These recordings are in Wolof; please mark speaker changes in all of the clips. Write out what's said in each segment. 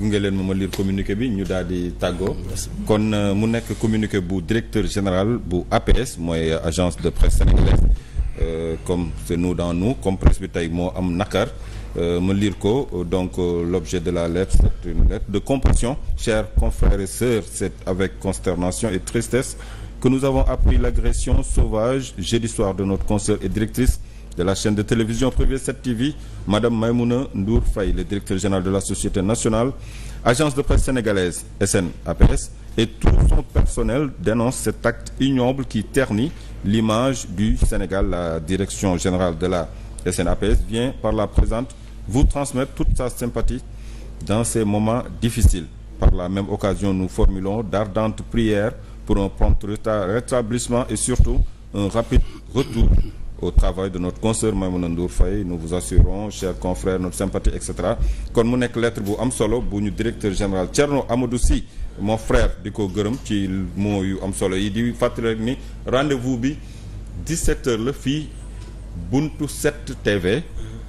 Speaker 1: gunge leen ma ma lire communiqué bi ñu daal di tàggoo. kon euh, mu nekk communiqué bu directeur général bu APS mooy euh, agence de presse sénégalaise euh, comme c'est nous dans nous comme presse bi tey moo am nakar ma lire ko donc l'objet de la lettre c'est une lettre de compassion chers confrères et sœurs c'est avec consternation et tristesse que nous avons appris l'agression sauvage jeudi soir de notre consoeur et directrice de la chaîne de télévision privée 7TV, Madame Maïmouna Ndour Faye, le directeur général de la Société nationale, agence de presse sénégalaise SNAPS, et tout son personnel dénonce cet acte ignoble qui ternit l'image du Sénégal. La direction générale de la SNAPS vient par la présente vous transmettre toute sa sympathie dans ces moments difficiles. Par la même occasion, nous formulons d'ardentes prières pour un prompt rétablissement et surtout un rapide au travail de notre consoeur Maïmouna Ndour Faye nous vous assurons chers confrères notre sympathie et cetera kon mu nekk lettre bu am solo bu ñu directeur général Thierno Amadou Sy mon frère di ko gërëm ci moo yu am solo yi di fàttali rek ni rendez-vous bi 17 heures la fii Buntu 7 TV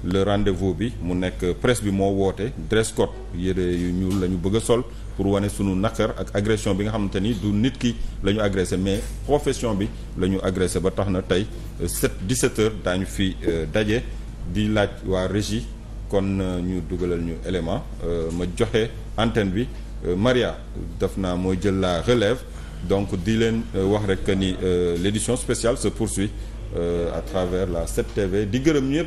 Speaker 1: le rendez-vous bi mu nekk presse bi moo woote dress code yére yu ñuul la ñu bëgg sol pour wane sunu naqar ak agression bi nga xamante ni du nit ki lañu ñu agressé mais profession bi la ñu agressé ba tax na tey 7 euh, 17 heures daañu fi euh, daje di laaj waa régie kon euh, ñu dugalal ñu élément ma joxe antenne bi Maria def naa mooy jël la relève donc di leen wax rek que ni l'édition spéciale se poursuit à travers la 7TV di gërëm yëpp